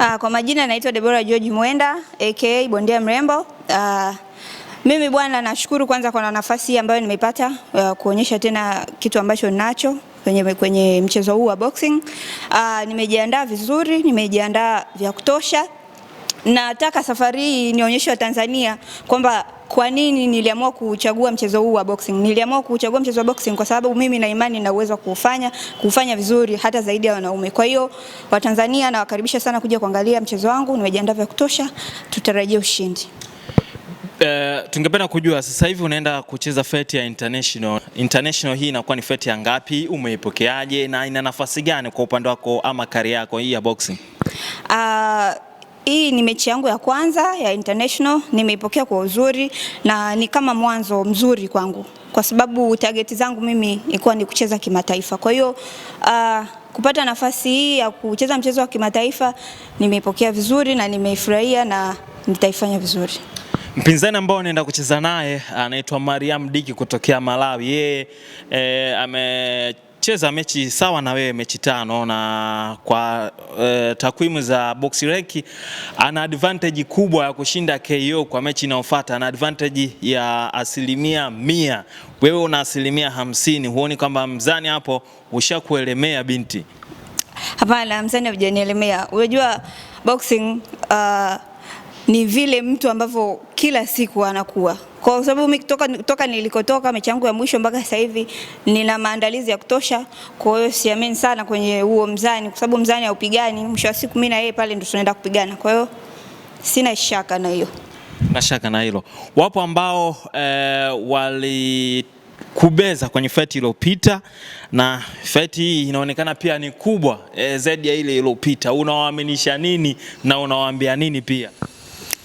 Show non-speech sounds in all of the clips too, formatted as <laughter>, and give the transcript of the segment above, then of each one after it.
Uh, kwa majina naitwa Debora George Mwenda aka Bondia Mrembo. Uh, mimi bwana, nashukuru kwanza kwa nafasi ambayo nimeipata uh, ah, kuonyesha tena kitu ambacho ninacho kwenye, kwenye mchezo huu wa boxing. Uh, nimejiandaa vizuri, nimejiandaa vya kutosha. Nataka safari hii nionyeshe Watanzania kwamba kwa nini niliamua kuchagua mchezo huu wa boxing? Niliamua kuchagua mchezo wa boxing kwa sababu mimi na imani na uwezo wa kufanya kufanya vizuri hata zaidi ya wanaume. Kwa hiyo Watanzania nawakaribisha sana kuja kuangalia mchezo wangu, nimejiandaa vya kutosha, tutarajia ushindi. Uh, tungependa kujua sasa hivi unaenda kucheza fight ya international. International hii inakuwa ni fight ya ngapi? Umeipokeaje na ina nafasi gani kwa upande wako ama kari yako hii ya boxing? Uh, hii ni mechi yangu ya kwanza ya international, nimeipokea kwa uzuri na ni kama mwanzo mzuri kwangu, kwa sababu target zangu mimi ilikuwa ni kucheza kimataifa. Kwa hiyo uh, kupata nafasi hii ya kucheza mchezo wa kimataifa nimeipokea vizuri na nimeifurahia na nitaifanya vizuri. Mpinzani ambao anaenda kucheza naye anaitwa Mariam Diki kutokea Malawi. Yeye eh, ame Tumecheza mechi sawa na wewe, mechi tano na kwa e, takwimu za box rec ana advantage kubwa ya kushinda KO kwa mechi inayofuata. Ana advantage ya asilimia mia, wewe una asilimia hamsini. Huoni kwamba mzani hapo ushakuelemea binti? Hapana, mzani hujanielemea. Unajua boxing uh, ni vile mtu ambavyo kila siku anakuwa kwa sababu toka, toka nilikotoka mechi yangu ya mwisho mpaka sasa hivi nina maandalizi ya kutosha. Kwa hiyo siamini sana kwenye huo mzani, kwa sababu mzani haupigani. Mwisho wa siku mimi na yeye pale ndo tunaenda kupigana, kwa hiyo sina shaka na hiyo, na shaka na hilo. Wapo ambao eh, walikubeza kwenye feti iliyopita na feti hii inaonekana pia ni kubwa eh, zaidi ya ile iliyopita. Unawaaminisha nini na unawaambia nini pia?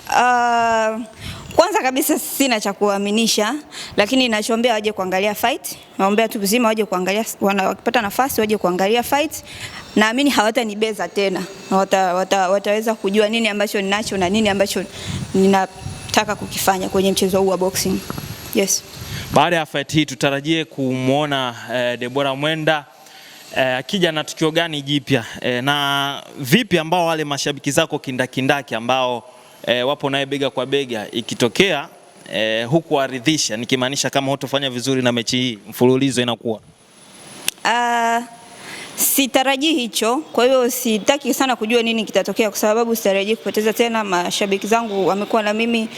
Uh, kwanza kabisa sina cha kuaminisha, lakini ninachoombea waje kuangalia fight. Naombea tu uzima waje kuangalia, wakipata nafasi waje kuangalia fight. Naamini hawatanibeza tena, wata, wata, wataweza kujua nini ambacho ninacho na nini ambacho ninataka kukifanya kwenye mchezo huu wa boxing. Yes. Baada ya fight hii tutarajie kumwona eh, Debora Mwenda eh, akija eh, na tukio gani jipya eh, na vipi ambao wale mashabiki zako kindakindaki ambao e, wapo naye bega kwa bega, ikitokea e, eh, huku aridhisha, nikimaanisha kama hutofanya vizuri na mechi hii mfululizo inakuwa uh, sitarajii hicho. Kwa hiyo sitaki sana kujua nini kitatokea, kwa sababu sitarajii kupoteza tena. Mashabiki zangu wamekuwa na mimi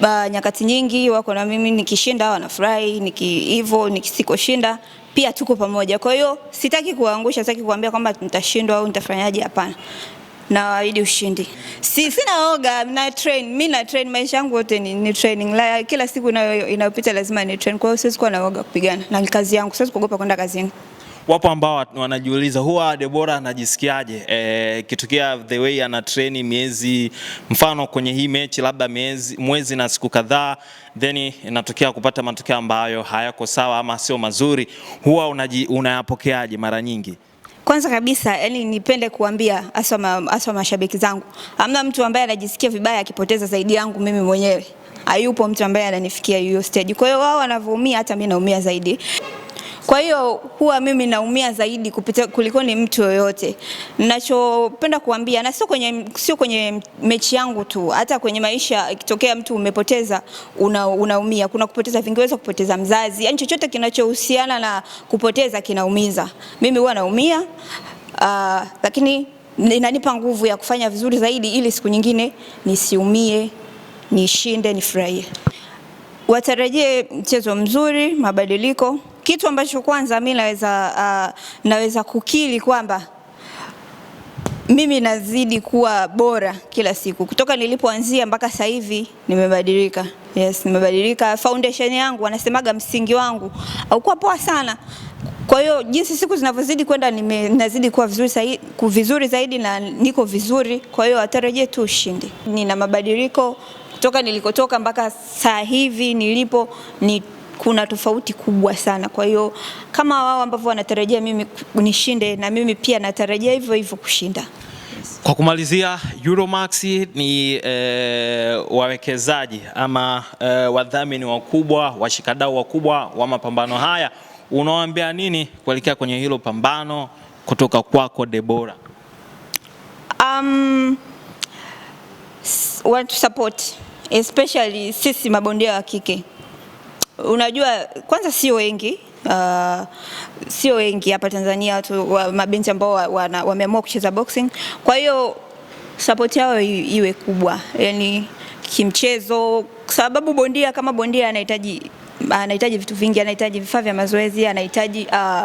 ba, nyakati nyingi wako na mimi, nikishinda wanafurahi, hivyo nikisikoshinda pia tuko pamoja. Kwa hiyo sitaki kuwaangusha, sitaki kuambia kwamba nitashindwa au nitafanyaje, hapana na waahidi ushindi. Si sina oga, na train mimi na train, maisha yangu yote ni, ni training la kila siku inayopita lazima ni train. Kwa hiyo siwezi kuwa na oga kupigana na kazi yangu, siwezi kuogopa kwenda kazini. Wapo ambao wanajiuliza huwa Debora anajisikiaje e, eh, kitukia the way ana train miezi, mfano kwenye hii mechi labda miezi, mwezi na siku kadhaa, then inatokea kupata matokeo ambayo hayako sawa ama sio mazuri, huwa unaji, unayapokeaje mara nyingi? Kwanza kabisa yani, nipende kuambia hasa mashabiki zangu, hamna mtu ambaye anajisikia vibaya akipoteza zaidi yangu mimi mwenyewe. Hayupo mtu ambaye ananifikia hiyo stage. Kwa hiyo wao wanavyoumia, hata mimi naumia zaidi. Kwa hiyo huwa mimi naumia zaidi kupita kuliko ni mtu yoyote. Ninachopenda kuambia na sio kwenye, sio kwenye mechi yangu tu, hata kwenye maisha, ikitokea mtu umepoteza una, unaumia. Kuna kupoteza vingiweza kupoteza mzazi, yani chochote kinachohusiana na kupoteza kinaumiza. Mimi huwa naumia uh, lakini inanipa nguvu ya kufanya vizuri zaidi ili siku nyingine nisiumie, nishinde, nifurahie. Watarajie mchezo mzuri, mabadiliko. Kitu ambacho kwanza mi naweza, uh, naweza kukiri kwamba mimi nazidi kuwa bora kila siku, kutoka nilipoanzia mpaka sasa hivi nimebadilika. Yes, nimebadilika. Foundation yangu wanasemaga msingi wangu haukuwa poa sana. Kwa hiyo jinsi siku zinavyozidi kwenda nazidi kuwa vizuri, vizuri zaidi na niko vizuri, kwa hiyo atarajie tu ushindi. Nina mabadiliko kutoka nilikotoka mpaka sasa hivi nilipo ni kuna tofauti kubwa sana. Kwa hiyo kama wao ambavyo wanatarajia mimi nishinde, na mimi pia natarajia hivyo hivyo kushinda. Kwa kumalizia, Euromax ni e, wawekezaji ama e, wadhamini wakubwa, washikadau wakubwa wa mapambano haya. Unawaambia nini kuelekea kwenye hilo pambano kutoka kwako Debora? Um, watu support especially sisi mabondia wa kike. Unajua, kwanza sio wengi uh, sio wengi hapa Tanzania watu wa, mabinti ambao wameamua wa, kucheza boxing. Kwa hiyo support yao iwe kubwa, yani kimchezo, sababu bondia kama bondia anahitaji anahitaji vitu vingi, anahitaji vifaa vya mazoezi, anahitaji uh,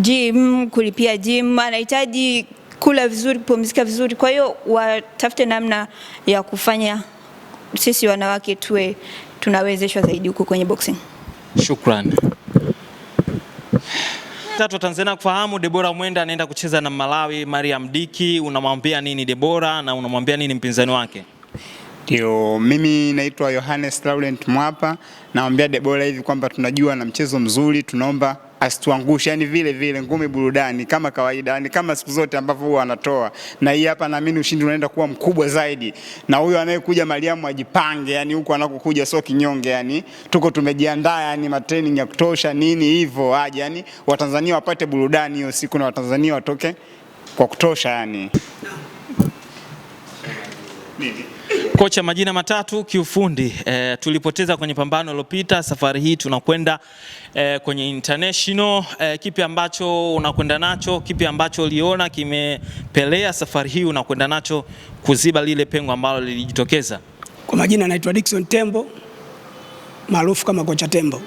gym, kulipia gym, anahitaji kula vizuri, kupumzika vizuri. Kwa hiyo watafute namna ya kufanya sisi wanawake tuwe tunawezeshwa zaidi huko kwenye boxing. Shukran. Tatu wa Tanzania kufahamu Debora Mwenda anaenda kucheza na Malawi Mariam Diki, unamwambia nini Debora na unamwambia nini mpinzani wake? Ndio, mimi naitwa Yohanes Laurent Mwapa, namwambia Debora hivi kwamba tunajua na mchezo mzuri, tunaomba asituangushe, yani vile vile ngumi burudani kama kawaida, yani kama siku zote ambavyo huwa anatoa, na hii hapa naamini ushindi unaenda kuwa mkubwa zaidi, na huyo anayekuja Mariamu ajipange, yani huko anakokuja sio kinyonge, yani tuko tumejiandaa, yani matraining ya kutosha nini hivyo aje, yani Watanzania wapate burudani hiyo siku na Watanzania watoke kwa kutosha yani nini Kocha, majina matatu kiufundi. E, tulipoteza kwenye pambano lilopita, safari hii tunakwenda e, kwenye international. E, kipi ambacho unakwenda nacho? Kipi ambacho uliona kimepelea safari hii unakwenda nacho kuziba lile pengo ambalo lilijitokeza? Kwa majina naitwa Dickson Tembo maarufu kama Kocha Tembo.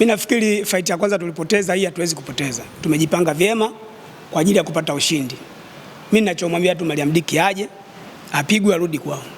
Mimi <clears throat> nafikiri fight ya kwanza tulipoteza, hii hatuwezi kupoteza. Tumejipanga vyema kwa ajili ya kupata ushindi. Mimi ninachomwambia tu Mariam Diki aje apigwe arudi kwao.